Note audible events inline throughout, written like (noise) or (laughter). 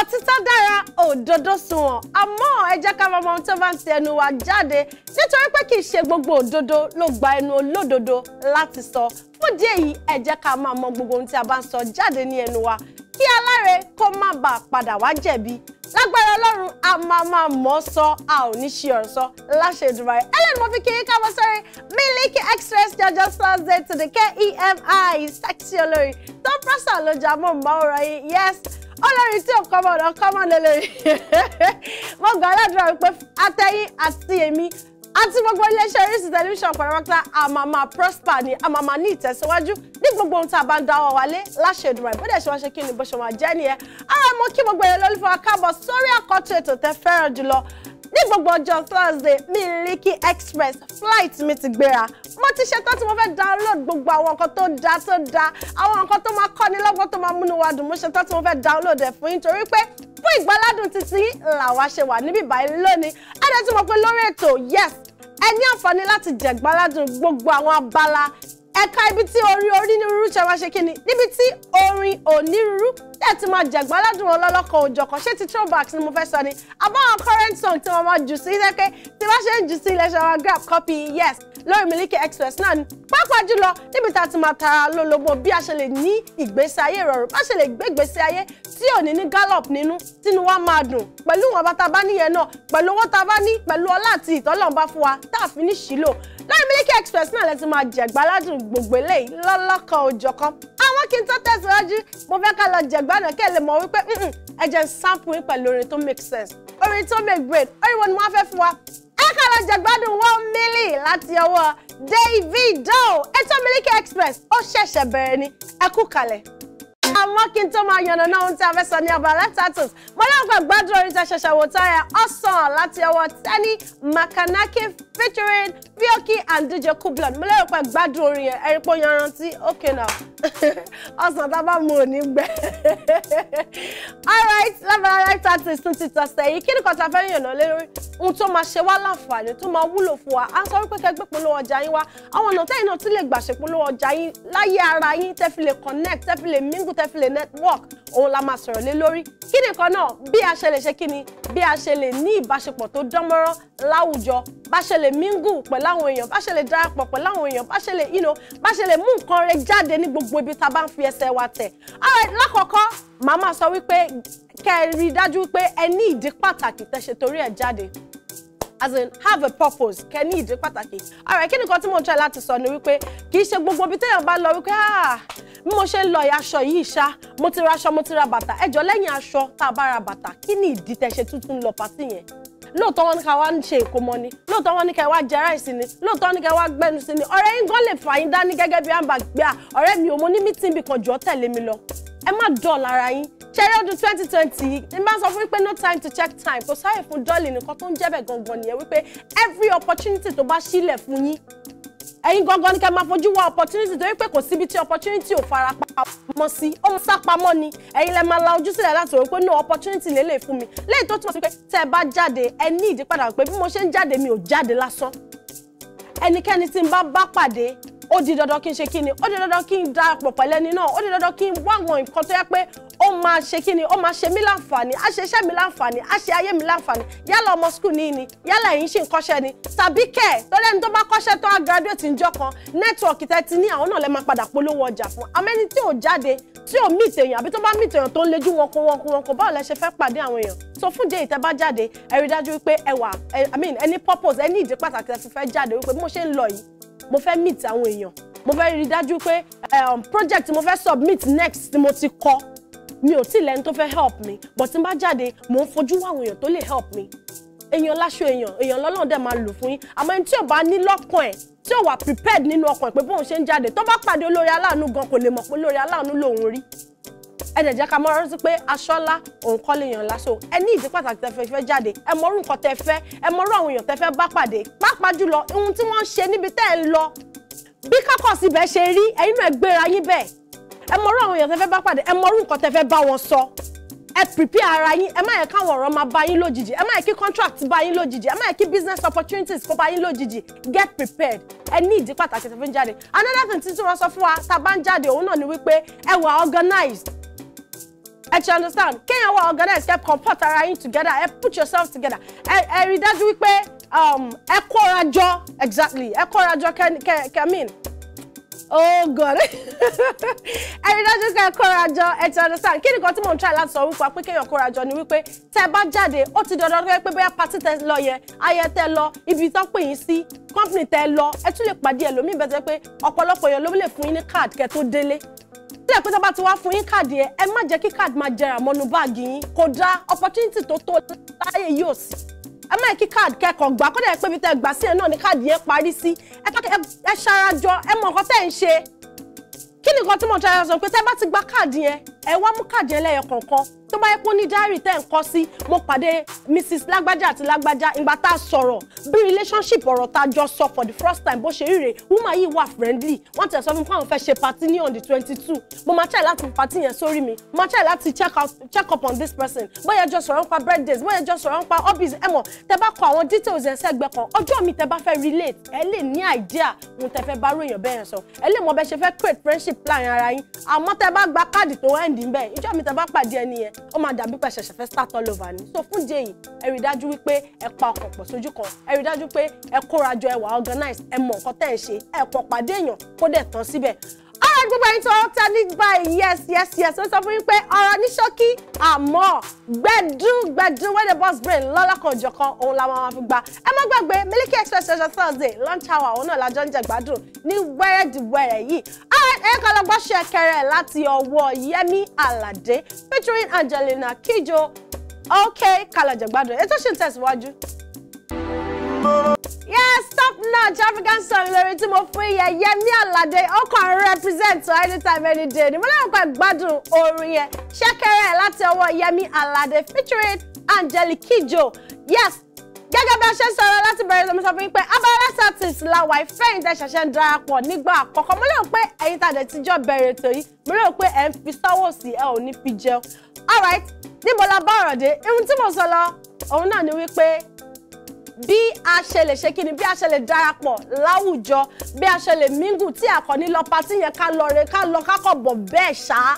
ọtí tó dára òdodo sunwọ̀n àmọ́ ẹ jẹ́ ká máa mọ ohun tó bá ń ti ẹnu wa jáde nítorí pé kì í ṣe gbogbo òdodo ló gba ẹnu olódodo láti sọ fún díẹ̀ yìí ẹ jẹ́ ká máa mọ gbogbo ohun tí a bá ń sọ jáde ní ẹnu wa kí aláre kó má bàa padà wá jẹ̀bi lágbára ọlọ́run a máa máa mọ̀ ọ́ sọ a ò ní ṣe ọ̀rọ̀ sọ láṣẹ ìdúrà rẹ̀ ẹlẹ́nu mo fi kí yín káàbọ̀ sórí Miliki Express jọjọ sunday to the kemi sexy olórí tó prasa lójú amóhùnmáwòrán yìí yes olórin tí ò kọ́mọ ọ̀dọ̀ kọ́mọ lélẹ́yìn (laughs) mo gbà aládùúrà wípé atẹ́yìn àti èmi àti gbogbo iléeṣẹ́ Orísun tẹlifíṣàn pàrọ̀pátá àmàmà prosper ni àmàmà ní ìtẹ̀síwájú ní gbogbo ohun tá a bá ń dáwọ́ wálé láṣẹ ìdùnnú ẹ̀ bóde ṣe wá ṣe kí ni bó ṣe máa jẹ́ nìyẹn ara mo kí gbogbo èèyàn lólùfọ́ akábọ̀ sórí àkọ́tún ètò tẹ́ fẹ́ràn jùlọ ní gbogbo ọjọ́ Thursday Miliki Express flight mi ti gbéra mo ti ṣetán tí mo fẹ́ download gbogbo àwọn nǹkan tó da tó da àwọn nǹkan tó máa kọ́ni lọ́gbọ́n tó máa múni wa dùn mo ṣetán tí mo fẹ́ download ẹ̀ fún yín torí pé fún ìgbàládùn títí làwa ṣe wà níbí báyìí lónìí adé tí mo pe lórí ètò yes ẹ ní àǹfààní láti jẹ̀gbáládùn gbogbo àwọn abala ẹ̀ka ibi tí orin onírúurú ṣe máa ṣe kí ni níbi tí orin onírúurú tẹ̀ ti máa jẹ̀gbáládùn wọn lọ́lọ́kan òjọ̀kan ṣé ti throwback ni mo fẹ́ sọ ni àbáwọn current song tí wọ́n máa jù sí lẹ́kẹ́ tí wọ́n ṣe ń jù sí ilẹ̀ ṣe wọn grab copy yes lórí Miliki Express náà ni pápá jùlọ níbi tá a ti máa tara lólobó bí a ṣe lè ní ìgbésí ayé ìrọ̀rùn bá ṣe lè gbé ìgbésí ayé tí ò ní ní gallop nínú tínú wa máa dùn pẹ̀lú ìwọ̀n bá ta bá níyẹn náà pẹ̀lú owó ta bá ní pẹ̀lú ọlá àti ìtọ́lọ́mbá fún wa tá a fi ní ṣìlò lórí Miliki Express náà lẹ ti máa jẹ̀gbáládùn gbogbo eléyìí lọ́lọ́kan òjọ̀kan àwọn kí n tó tẹ̀síwájú mo fẹ́ ká lọ jẹ̀gbádùn kẹ́ ẹ lè mọ̀ wípé ẹ jẹ́ sample pẹ̀lú orin tó make sense orin tó make brain orin wo ni wọ́n fẹ́ fún wa ẹ kàn lọ jẹ̀gbádùn one million láti ọwọ́ Davido ètò Miliki Express ó ṣẹ̀ṣẹ̀ bẹ̀rẹ̀ ni ẹ kú kalẹ̀ àmọ́ kí n tó máa yànnà náà ohun tí a fẹ́ sọ ní abala tattoos mo lọ́wọ́ gbàgbádùn orin tí a ṣẹ̀ṣẹ̀ wò tán ọ̀sán láti ọwọ́ Tẹ́ni Makanaki featuring Bioki and DJ Coolblad mo lérò pé gbádùn orin yẹn ẹ̀rí pé ó yanrantí okay now (laughs) ọ̀sán tá a bá mu ò ní gbẹ. (laughs) alright lábala life artist tún ti tọ̀sẹ̀ yìí kí ni kọ́ta fẹ́ yànnà lé lórí ohun tó máa ṣe wá láǹfààní tó máa wúlò fún wa a sọ wípé kẹgbẹ́ polówó ọjà yín wá àwọn ọ̀nà tẹ́yìn náà ti lè gbà ṣe polówó ọjà yín láyé ara yín tẹ́ fi lè connect tẹ́ fi lè mingle tẹ́ fi lè network òun la máa sọ̀rọ̀ lé lórí kí ni kan náà a ṣe lè ṣe kí ni bí a ṣe lè ní ìbáṣepọ̀ tó dánmọ́rán láwùjọ bá ṣe lè mingle pẹ̀lú àwọn èèyàn bá ṣe lè darapọ̀ pẹ̀lú àwọn èèyàn bá ṣe lè you bá ṣe lè mú nǹkan rẹ jáde ní gbogbo ibi tá a bá ń fi ẹsẹ̀ wa tẹ̀. alright lákọ̀ọ́kọ́ màmá sọ wípé kẹ́ ẹ rí i dájú pé ẹ ní ìdí pàtàkì tẹ́ ṣe torí ẹ̀ jáde as in have a purpose kẹ́ ní ìdí pàtàkì alright kí nìkan tí mo ń try láti sọ ni wípé kì í ṣe gbogbo ibi téèyàn bá lọ wípé ah bí mo ṣe ń lọ aṣọ yìí ṣá mo ti ra aṣọ mo ti ra bàtà ẹjọ lẹ́yìn aṣọ tá a bá ra bàtà kí ni ìdí tẹ́ ṣe tuntun lọ pàtì yẹn lóòótọ́ wọn ní ká wá ṣe ìkómọ ni lóòótọ́ wọn ní ká wá jẹ ráìsì ni lóòótọ́ ní ká wá gbẹnu sí ni ọ̀rẹ́ yín gan lè fà yín dání gẹ́gẹ́ bí àǹbà gbé à ọ̀rẹ́ mi ò mo ní mítìn bì kan jọ tẹ̀lé mi lọ ẹ má dọ̀ lára yín ṣẹ́rí ọdún twenty twenty ní bá sọ fún wípé no time to check time kò sáyè fún dọ́ọ̀lì nìkan tó ń jẹ́bẹ̀ gangan nìyẹn wípé every opportunity tó bá sílẹ̀ fún yín ẹ̀yin gangan ni ká máa fojú wá opportunity torí pé kò síbi tí opportunity ò fara pamọ́ sí ó ń sápamọ́ ni ẹ̀yin lẹ máa la ojú sílẹ̀ láti rò pé no opportunity lè lè fún mi lẹ́yìn tó túmọ̀ sí pé tẹ́ ẹ bá jáde ẹ ní ìdí padà pé bí mo ṣe ń jáde mi ò jáde lásán ẹnikẹ́ni tí n bá bá pàdé ó di dandan kí n ṣe kí ni ó di dandan kí n darapọ̀ pẹ̀lú ẹni náà ó di dandan kí n wá àwọn nǹkan tó yẹ pé ó máa ṣe kí ni ó máa ṣe mí láǹfààní á ṣe iṣẹ́ mi láǹfààní á ṣe ayé mi láǹfààní yálà ọmọ skul ní ni yálà ẹ̀yin ṣì ń kọ́ṣẹ́ ni tàbí kẹ̀ lọ́dẹ̀ ní tó bá kọ́ṣẹ́ tó á graduate níjọ́ kan nẹ́tíwọ̀kì tẹ́ ti ní àwọn náà lẹ́ máa padà polówó ọjà fún amẹ́ni tí ò jáde tí ò mìtì èèyàn àbí tó bá mìtì èèyàn tó ń lejú wọnko wọnko wọnko báwo lẹ ṣe fẹ́ pàdé àwọn èèyàn so fún dé ìtẹ́ bá jáde ẹ rí dájú wípé ẹ i mean any purpose any ìdí pàtàkì ẹ fi fẹ́ jáde wípé bí mo ṣe ń lọ yìí mo fẹ́ mìtì àwọn èèyàn mo fẹ́ rí dájú pé um, project mo fẹ́ submit next tí mo ti kọ mi ò tí lẹ́ni tó fẹ́ help me. but tí n bá jáde mò ń fojú wá àwọn èèyàn tó lè help me. èèyàn láṣọ èèyàn èèyàn lọ́lọ́run dẹ̀ máa lò fún yín àmọ́ ẹni tí ò bá ní lọ́kàn ẹ̀ tí ò wà prepared nínú ọkàn pé bóun ṣe ń jáde tó bá pàdé olórí aláàánú gan kò lè mọ̀ pé olórí aláàánú lòun rí ẹ dẹ̀ jẹ́ ká mọ́ rántí pé aṣọ́lá òun kọ́ lè yàn lásò ẹ ní ìdí pàtàkì tẹ́ fẹ́ fẹ́ jáde ẹ mọ̀rú nǹkan tẹ́ fẹ́ ẹ mọ̀rú àwọn èèyàn tẹ́ fẹ́ bá pàdé pàápàá jùlọ ohun tí wọ́n ń ṣe níbi tẹ́ ẹ ń lọ bí kákọ̀ síbẹ̀ ṣe rí ẹ̀yin náà gbéra yín bẹ́ẹ̀ ẹ mọ̀rú àwọn èèyàn tẹ́ fẹ́ bá pàdé ẹ mọ̀rú nǹkan tẹ́ fẹ́ bá wọn sọ ẹ prepare ara yín ẹ má yẹ káwọn ọ̀rọ̀ máa bá yín lójijì ẹ má yẹ kí contract bá yín lójijì ẹ má yẹ kí business opportunities kó bá yín lójijì get prepared ẹ ní ìdí pàtàkì tó fi ń jáde another thing tí wọ́n sọ fún wa tá a bá ń jáde òun náà ni wípé ẹ wà organized ẹ ti understand kéèyàn wà organized kẹ́ comport ara yín together ẹ put yourself together ẹ ẹ rí dájú wípé um, ẹ kóra jọ exactly ẹ kóra jọ kẹ́ kẹ́ kẹ́ mean oh god ẹni dájú pé kóra jọ ẹ ti understand kí nìkan tí mò ń try láti sọ wípé pé kéèyàn kóra jọ ni wípé tẹ bá jáde ó ti dandan pé pé bóyá pati tẹ lọ yẹn ayẹ tẹ lọ ibi tán pè yín sí company tẹ lọ ẹ tún lè pàdé ẹlòmíì bẹ́ẹ̀ tẹ́ pé ọ̀pọ̀lọpọ̀ èèyàn ló lè fún yín ní card kẹ́ tó délé sílẹ̀ pé sábà ti wá fún yín káàdì ẹ ẹ má jẹ́ kí káàdì máa jẹrà mọ́nú báàgì yín kódà opportunity tó tó láyé yóò sí ẹ má kí káàdì kẹ́kọ̀ọ́ gbà kó dẹ̀ pé bí tẹ́ gbà sí ẹ náà ni káàdì yẹn parí sí ẹ tó ẹ ṣarajọ ẹ mọ nǹkan tẹ́ ń ṣe kí ni nǹkan tí mo ṣe ara sọ pé tẹ́ bá ti gba káàdì yẹn ẹ wá mú káàdì yẹn lẹ́yọ kọ̀ọ̀kan tó bá yẹ kó ní diary tẹ́ ń kọ sí mo pàdé mrs lágbájá àti lágbájá ìgbà tá a sọ̀rọ̀ bí relationship ọ̀rọ̀ tá a jọ sọ for the first time bó ṣe ríre woman yìí wà friendly wọ́n tẹ̀ sọ fún mi fáwọn fẹ́ ṣe party ní on the twenty two mo máa try láti party yẹn sórí mi mo máa try láti check, out, check up on this person bóyá jọ sọ̀rọ̀ nípa birthdays bóyá jọ sọ̀rọ̀ nípa hobbies ẹ mọ̀ tẹ́ bá kọ àwọn details yẹn sẹ́gbẹ́ kan ọjọ́ mi tẹ́ bá fẹ́ relate ẹ lè ní idea mo tẹ́ fẹ́ bá ró èèyàn bẹ́ẹ̀ sọ ẹ lè mọ bẹ́ create friendship láàrin ara yín àmọ́ tẹ́ bá gba káàdì tó end ń bẹ̀ ìjọ́ mi tẹ́ bá pàdé ẹni ó máa dàbí pé ṣẹ̀ṣẹ̀ fẹ́ start all over ni so fún díẹ̀ yìí ẹ rí dájú wípé ẹ pa ọkàn pọ̀ sójú kan ẹ rí dájú pé ẹ kóra jọ ẹ wà organize ẹ mọ nǹkan tẹ́ ẹ ṣe ẹ pọ̀ pàdé èèyàn kó dẹ̀ tán síbẹ̀ ọ̀rọ̀ gbogbo ẹni tó ta ní báyìí yes yes yes ó sọ fún yín pé ọ̀rọ̀ ní ṣókí àmọ́ gbẹ̀dú gbẹ̀dú wẹ́n the boss brain lọ́lọ́kanòjọ̀kan òun la máa fi gba ẹ má gbàgbé Miliki Express ṣẹṣẹ Thursday lunch hour òun náà la jọ ń jẹ gbádùn ní wẹ́rẹ́dìwẹ́rẹ́ yìí ẹ kọ́ lọ gbọ́ ṣẹ̀kẹ̀rẹ̀ láti ọwọ́ Yẹmí Aládé featuring Angelina Kijo ok kalajẹgbadun ètò ṣì ń tẹ̀síwájú. yes top notch African song lórí tí mo fún yẹ Yẹmí Aládé ọkọ̀ represent anytime any day ni mo lẹ́yìn pẹ̀ gbádùn orin yẹn ṣẹ̀kẹ̀rẹ̀ láti ọwọ́ Yẹmí Aládé featuring Angelique Kijo yes gẹ́gẹ́ bí a ṣe ń sọ̀rọ̀ láti bẹ̀rẹ̀ lọ́mọ sọ fún pé abala artist la wà ìfẹ́ yìí tẹ́ ṣẹ̀ṣẹ̀ ń darapọ̀ nígbà àkọ́kọ́ mo lérò pé ẹ̀yin tàdé tíjọ́ bẹ̀rẹ̀ ètò yìí mo lérò pé ẹ̀ ń fi sọ́wọ́ sí ẹ ò ní fi jẹun. all right níbo la bá ọ̀rọ̀ dé irun tí mo sọ lọ òun náà ni wípé bí a ṣe lè ṣe kíni bí a ṣe lè darapọ̀ láwùjọ bí a ṣe lè mingle tí àkọ́ni lọ patí yẹn ká lọ re ká lọ kákọ̀ bọ̀ bẹ́ẹ̀ ṣáá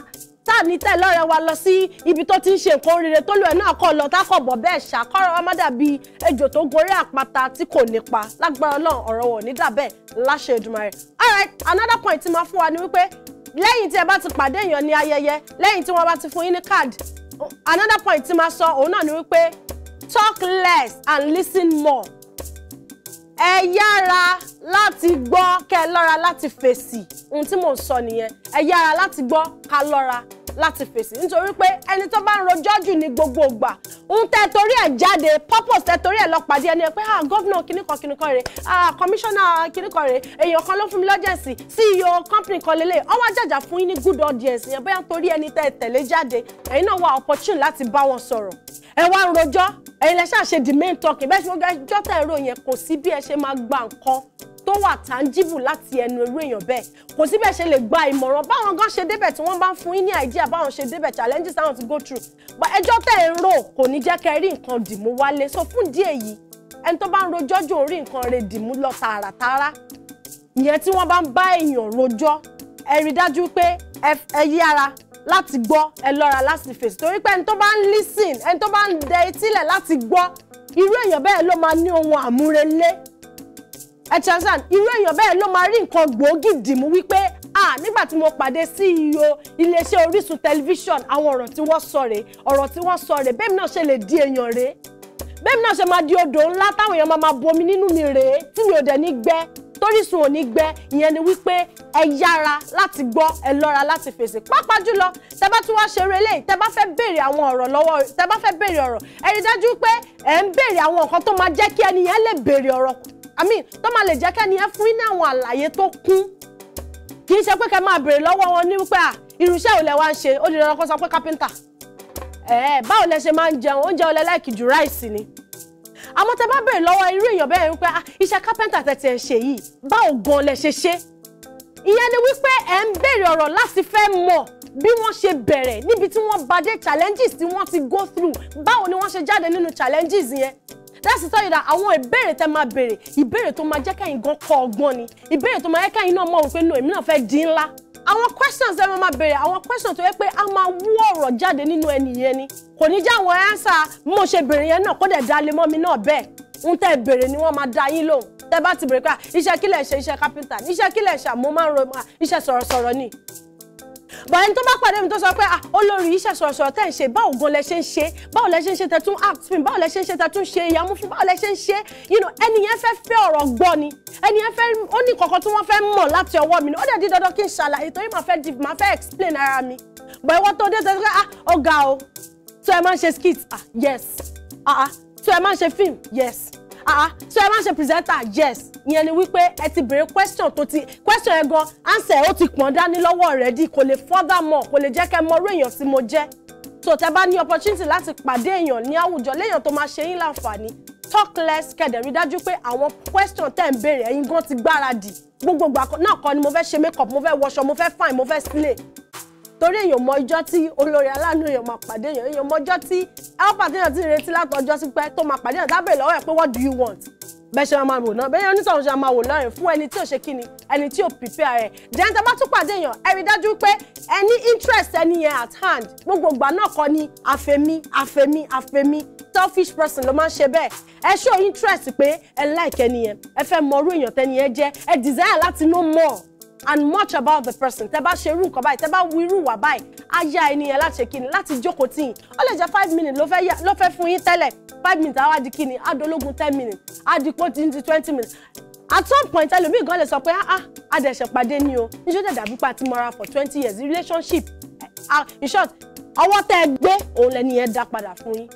tá à wa lọ sí ibi tó ti ń ṣe nǹkan oríire tó lù náà kọ̀ lọ tákọ̀bọ̀ bẹ́ẹ̀ ṣàkọ́rọ̀ wa má dàbí ejò tó gorí àpáta tí kò nípa lágbára ọlọ́run ọ̀rọ̀ wọ̀ ní dàbẹ́ láṣẹ Èdùmàrè. all right another point ti máa fún wa ni wípé lẹ́yìn tí ẹ bá ti pàdé èèyàn ní ayẹyẹ lẹ́yìn tí wọ́n bá ti fún yín ní card another point ti máa sọ òun náà ni wípé talk less and listen more ẹ yára láti gbọ́ kẹ́ ẹ lọ́ra láti fèsì ohun tí mò ń sọ nìyẹn ẹ yára láti gbọ́ ká lọ́ra láti fèsì nítorí pé ẹni tó bá ń rojọ́ jù ní gbogbo ìgbà ń tẹ torí ẹ̀ jáde purpose tẹ torí ẹ̀ lọ pàdé ẹni pé ah gómìnà kìnnìkan kìnnìkan rè ah kọmíṣánná kìnnìkan rè èèyàn kan ló fún mi lọ́jẹ̀sì CEO company kan lélẹ̀ ọwọ́ àjàjà fún yín ní good audience yẹn bóyá torí ẹni tẹ tẹ̀lé jáde ẹ̀yin náà wá opportunity láti bá wọn sọ̀rọ̀ ẹ wá ń rojọ́ ẹ̀yin lẹ ṣe the main talking bẹ́ẹ̀ tí mo gbẹ́ jọ́tà ẹ̀rọ yẹn kò sí bí ẹ ṣe tó wà tangible láti ẹnu irú èèyàn bẹ́ẹ̀ kò sí bẹ́ẹ̀ ṣe lè gba ìmọ̀ràn báwọn gan ṣe débẹ̀ tí wọ́n bá ń fún yín ní idea báwọn ṣe débẹ̀ challenges táwọn ti go through but ẹjọ́ tẹ̀ ń rò kò ní jẹ́ kẹ́ rí nǹkan dìmú wálé so fún díẹ̀ yìí ẹni tó bá ń rojọ́ jò rí nǹkan rẹ̀ dìmú lọ tààràtààrà ìyẹn tí wọ́n bá ń bá èèyàn rojọ́ ẹ rí dájú pé ẹ yára láti gbọ́ ẹ lọ́ra láti fèsì torí pé ẹni tó bá ń listen ẹni tó bá ń dẹ etílẹ̀ láti gbọ́ irú èèyàn bẹ́ẹ̀ ló máa ní ohun àmúrelé ẹtẹsán irú èèyàn bẹ́ẹ̀ ló máa rí nǹkan gbòógì dìmú wípé ah nígbà tí mo pàdé CEO iléeṣẹ́ Orísun tẹlifíṣọ̀n àwọn ọ̀rọ̀ tí wọ́n sọ rèé ọ̀rọ̀ tí wọ́n sọ rèé bẹ́ẹ̀ náà ṣe lè di èèyàn rèé bẹ́ẹ̀ náà ṣe máa di odò ńlá táwọn èèyàn máa máa bomi nínú mi rèé tí mi ò dẹ̀ ní gbẹ́ torísun òní gbẹ ìyẹn ni wípé ẹ yára láti gbọ́ ẹ lọ́ra láti fèsì pàápàá jùlọ tẹ bá tún wá ṣe eré eléyìí tẹ bá fẹ́ béèrè àwọn ọ̀rọ̀ lọ́wọ́ tẹ bá fẹ́ béèrè ọ̀rọ̀ ẹ rí dájú pé ẹ ń béèrè àwọn nǹkan tó máa jẹ́ kí ẹnìyẹn lè béèrè ọ̀rọ̀ àmì tó máa lè jẹ́ kẹ́ni ẹ fún ní àwọn àlàyé tó kún kì í ṣe pé kẹ́ máa béèrè lọ́wọ́ wọn ní wípé à irúṣẹ́ ò lẹ wá ń ṣe ó di dandan kó sọ pé kápẹ́ńtà ẹ̀ẹ́ báwo lẹ ṣe máa ń jẹun oúnjẹ ò lẹ láìkì ju ráìsì ni àmọ́ tẹ bá béèrè lọ́wọ́ irú èèyàn bẹ́ẹ̀ wípé à iṣẹ́ kápẹ́ńtà tẹ̀tẹ̀ ṣe yìí báwo gan lẹ ṣe ṣe ìyẹn ni wípé ẹ̀ ń béèrè ọ̀rọ̀ láti fẹ́ mọ̀ bí wọ́n ṣe bẹ̀rẹ̀ níbi tí wọ́n bá challenges tí wọ́n ti go through báwo ni wọ́n ṣe jáde nínú challenges yẹn that's to tell you that àwọn ìbéèrè tẹ máa béèrè ìbéèrè tó máa jẹ́ kẹ́yìn gan kọ ọgbọ́n ni ìbéèrè tó máa jẹ́ kẹ́yìn náà mọ̀ wípé no èmi náà fẹ́ di ńlá àwọn questions ẹ máa máa béèrè àwọn questions tó yẹ pé a máa wú ọ̀rọ̀ jáde nínú ẹni yẹn ni kò ní jẹ́ àwọn ẹ́ńsà mo ṣe béèrè yẹn náà kó dẹ̀ dá lé mọ́ mi náà bẹ́ẹ̀ ń tẹ́ béèrè ni wọ́n máa dá yín lóhùn tẹ́ bá ti béèrè pé ah, iṣẹ́ kílẹ̀ ṣe iṣẹ́ kápẹ́ńtà iṣẹ́ kílẹ̀ ṣe àmọ́ máa ń ro iṣẹ́ sọ̀rọ̀sọ̀rọ̀ ni bọ̀ ẹni tó bá pàdé mi tó sọ pé ah olórí iṣẹ́ sọ̀rọ̀sọ̀rọ̀ tẹ́ ń ṣe báwo gan lẹ ṣe ń ṣe báwo lẹ ṣe ń ṣe tẹ̀tún act mi báwo lẹ ṣe ń ṣe tẹ̀tún ṣe ìyàmú fún báwo lẹ ṣe ń ṣe you know ẹni yẹn fẹ́ fẹ́ ọ̀rọ̀ gbọ́ ni ẹni yẹn fẹ́ ó ní kọ̀ọ̀kan tí wọ́n fẹ́ mọ̀ láti ọwọ́ mi ni ó dẹ̀ di dandan kí n ṣàlàyé torí màá fẹ́ di màá fẹ́ explain ara mi bọ̀ ìwọ tó dé ah ọ̀gá o so ẹ máa ń ah yes ah so ah. ẹ máa ń film yes Ah, ah so ẹ má ṣe presenter yes ìyẹn ni wípé ẹ ti béèrè question tó ti question ẹ gan answer ó ti pọ̀n dání lọ́wọ́ rẹ̀ di kò lè further more kò lè jẹ́ kẹ́ mọ orú èèyàn tí mo jẹ́ so tẹ bá ní opportunity láti pàdé èèyàn ní àwùjọ léèyàn tó máa ṣe yín láǹfààní talk less kẹ̀dẹ̀ rí dájú pé àwọn question tẹ̀ ń béèrè ẹ̀yin gan ti gbáradì gbogbo ìgbà náà kọ́ ni mo fẹ́ ṣe make up mo fẹ́ wọṣọ mo fẹ́ fine mo fẹ́ slay torí èèyàn mọ ọjọ́ tí olórí aláàánú èèyàn máa pàdé èèyàn èèyàn mọ ọjọ́ tí help àtẹ̀yàn ti retí láti ọjọ́ sí pé tó máa pàdé èèyàn dábẹ̀ lọ́wọ́ ẹ̀ pé what do you want bẹ́ẹ̀ ṣe máa wò náà bẹ́ẹ̀ onítọ̀hún ṣe máa wò lọ́rìn fún ẹni tí ò ṣe kíni ẹni tí ò prepare ẹ̀ then tá a bá tún pàdé èèyàn ẹ rí dájú pé ẹni interest ẹni yẹn at hand gbogbo ìgbà náà kọ́ ni àfẹ́mí àfẹ́mí àfẹ́mí selfish person ló máa ń ṣe bẹ́ẹ̀ ẹ show interest pé ẹ like ẹni yẹn ẹ fẹ́ mọ irú èèyàn tẹ́ni yẹn jẹ́ ẹ desire láti know more and much about the person tẹ bá ṣe irú nǹkan báyìí tẹ bá wu irú wà báyìí á yá ènìyàn láti ṣe kíni láti jókòó tì yín ó lè jẹ́ five minutes ló fẹ́ fún yín tẹ́lẹ̀ five minutes á di kíni á dológun ten minutes á di pọ́ di twenty minutes at some point ẹlòmíì gan lè sọ pé ah, ah a dẹ̀ ṣe pàdé ni o níṣẹ́ dẹ̀ dàbí pa ti mọ́ra for twenty years relationship eh, ah, in short ọwọ́ tẹ́ ẹ gbé òun lẹ́ni yẹn dá padà fún yín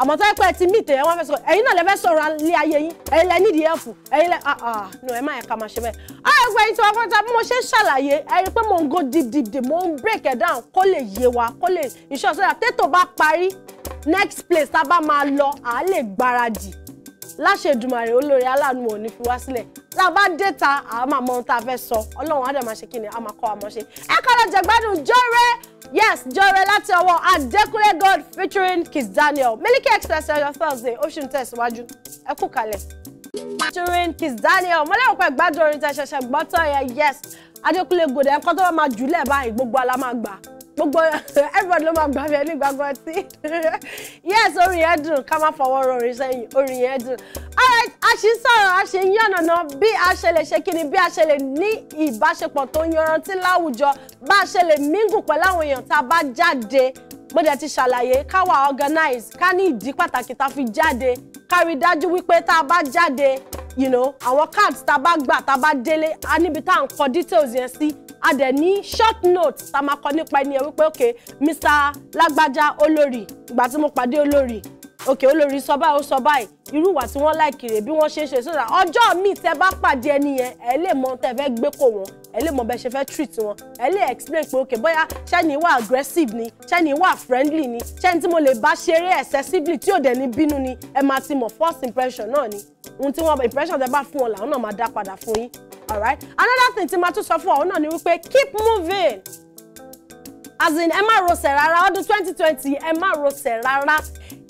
àmọ́ tó yẹ pé ti mí tèèyàn wọn fẹ́ sọ ẹ̀yin náà lè fẹ́ sọ̀rọ̀ ilé ayé yín ẹ̀yin lẹ nídìí ẹ̀fù ẹ̀yin lẹ ah, ah no ẹ̀ má yẹ ká máa ṣe bẹ́ẹ̀. ọ̀rọ̀ ìgbà yìí tí wọ́n fọ́ta bí mo ṣe ń ṣàlàyé ẹ̀yin pé mò ń go deep deep deep mò ń break it down kó lè yé wa kó lè iṣẹ́ ọ̀sẹ̀ tètò bá parí next place tá a bá máa lọ à á lè gbáradì láṣẹ Èdùmàrè olórí aláàánú ò ní fi wá sílẹ̀ tá a bá dé ta a máa mọ a fẹ́ sọ ọlọ́run á dẹ̀ máa ṣe a máa kọ́ àmọ́ ṣe ẹ kọ́ lọ jẹ̀gbádùn jọ́rẹ́ yes jọ́rẹ́ láti ọwọ́ Adekunle God featuring Kiss Daniel Miliki Express ẹ̀yọ Thursday test. tẹ̀síwájú ẹ kú kalẹ̀ featuring Kiss Daniel mọ́lẹ́wọ̀n pẹ̀ gbádùn orin tẹ̀ ṣẹ̀ṣẹ̀ gbọ́tọ̀ yẹn yes Adekunle God ẹ̀kọ́ tó bá máa jùlẹ̀ báyìí gbogbo alámàgbà gbogbo everybody ló máa gbàgbé ní gbàgbọ́ tí yes orin yẹn dùn ká má fọwọ́ rọrin sẹ́yìn orin yẹn dùn alright a ṣì ń sọ̀rọ̀ a ṣì ń yànnàná bí a ṣe lè ṣe kíni bí a ṣe lè ní ìbáṣepọ̀ tó yanrantí láwùjọ bá a ṣe lè mingle pẹ̀lú àwọn èèyàn tá a bá jáde mo ti ṣàlàyé ká wà organize ká ní ìdí pàtàkì tá a fi jáde ká rí dájú wípé tá a bá jáde you know àwọn cards tá a bá gbà tá a bá délé a níbi tá à ń kọ details yẹn sí a dẹ̀ ní short note tá a máa kọ nípa ẹni ẹ wípé ok Mr. lágbájá olórí ìgbà tí mo pàdé olórí ok olórí sọ báyìí ó sọ báyìí irú ìwà tí wọ́n láìkì rè bí wọ́n ṣe ń ṣe sódà ọjọ́ míì tẹ bá pàdé ẹni yẹn ẹ lè mọ tẹ fẹ́ gbé kò wọ́n ẹ lè mọ bẹ ṣe fẹ́ treat wọn ẹ lè explain pé ok bóyá ṣẹ́ni wà aggressive ni ṣẹ́ni wà friendly ni ṣẹ́ni tí mo lè bá ṣeré excessively tí ò dẹ̀ ní bínú ni ẹ máa ti mọ̀ first impression náà ni ohun tí wọ́n impression tẹ bá fún wọn làwọn náà máa dá padà fún yín alright another thing tí ma tún sọ fún ọ náà ni wípé keep moving as in Emma má rọsẹ̀ rárá 2020. Emma twenty ẹ má rọsẹ̀ rárá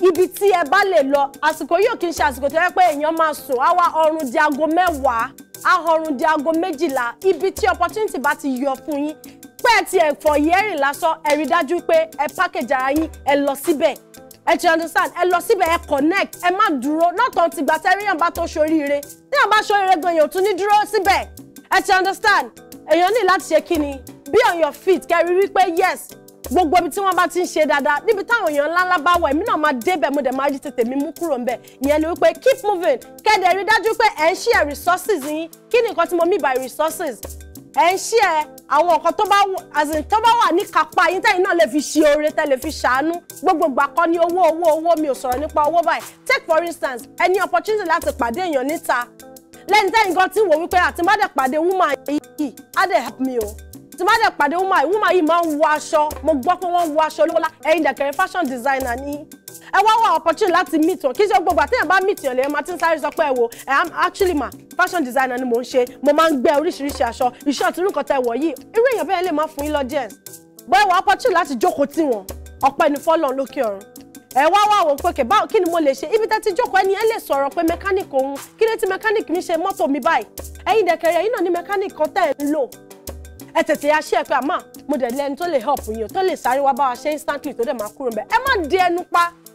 ibi tí ẹ bá lè lọ àsìkò yóò kí n ṣe àsìkò tó yẹ pé èèyàn máa sùn á wá di aago mẹ́wàá á ọrùn di aago méjìlá ibi tí opportunity bá ti yọ fún yín pẹ́ẹ́ tí ẹ̀fọ́ yẹ́rìn lásán ẹ rí dájú pé ẹ package ara yín ẹ lọ síbẹ̀ ẹ ti understand ẹ lọ síbẹ̀ ẹ connect ẹ má dúró nọ́tàn ti gbà tẹ́ríyàn bá tó ṣoríire téèyàn bá ṣoríire gan èèyàn ò tún ní dúró síbẹ̀ ẹ ti understand èèyàn ní láti ṣe kíni be on your feet kẹrí wípé yes gbogbo ibi tí wọ́n bá ti ń ṣe dáadáa níbi táwọn èèyàn ńláńlá bá wà èmi náà máa débẹ̀ mo dẹ̀ máa rí tètè mi mú kúrò ńbẹ̀ ìyẹn ni wípé keep moving kẹ́dẹ̀ dájú pé ẹ̀ ń share resources yín kí ni nǹkan tí mo mean by resources ẹ̀ ń share àwọn nǹkan tó bá as in tó bá wà ní kápá yín tẹ́yìn náà lè fi ṣe oore tẹ́ lè fi ṣàánú gbogbogbà kọ́ ní owó owó owó mi ò sọ̀rọ̀ nípa owó báyìí take for instance ẹni opportunity láti pàdé èèyàn níta lẹ́yìn tẹ́yìn gan ti wò wípé àti má dẹ̀ pàdé woman yìí á dẹ̀ help me o tí má dẹ̀ pàdé woman yìí woman yìí máa ń wọ aṣọ mo gbọ́ pé wọ́n ń wọ aṣọ olówó lá ẹ̀yin dẹ̀kẹ̀rẹ̀ fashion designer ní ẹ wá wá opportunity láti meet wọn kí ṣe gbogbo àtẹ̀yìn bá meet yàn lè máa ti ń sáré sọ pé ẹ wo actually ma fashion designer ni mo ń ṣe mo máa ń gbẹ oríṣiríṣi aṣọ iṣẹ́ ọ̀tún nǹkan tẹ́ wọ̀ yìí irú èèyàn bẹ́ẹ̀ lè má fún yín lọ́díẹ̀nsì bọ́ ẹ wà opportunity láti jókòó tì wọ́n ọpẹ́ ni fọ́lọ́n lókè ọ̀run ẹ wá wá wò pé kẹbá kí ni mo lè ṣe ibi tẹ́ ti jókòó ẹni ẹ lè sọ̀rọ̀ pé mechanic òun kí ni tí mechanic mi ṣe mọ́tò mi báyìí ẹ̀yin dẹ̀kẹ̀rẹ̀ yìí náà ni mechanic kan tẹ́ ẹ ń lò ẹ tètè ya ṣe ẹ pé àmọ́ mo dẹ̀ lẹ́ni tó lè help yín o tó lè sáré wá bá wa ṣe instantly tó dẹ̀ máa kúrò ń bẹ̀ ẹ má di ẹnu pa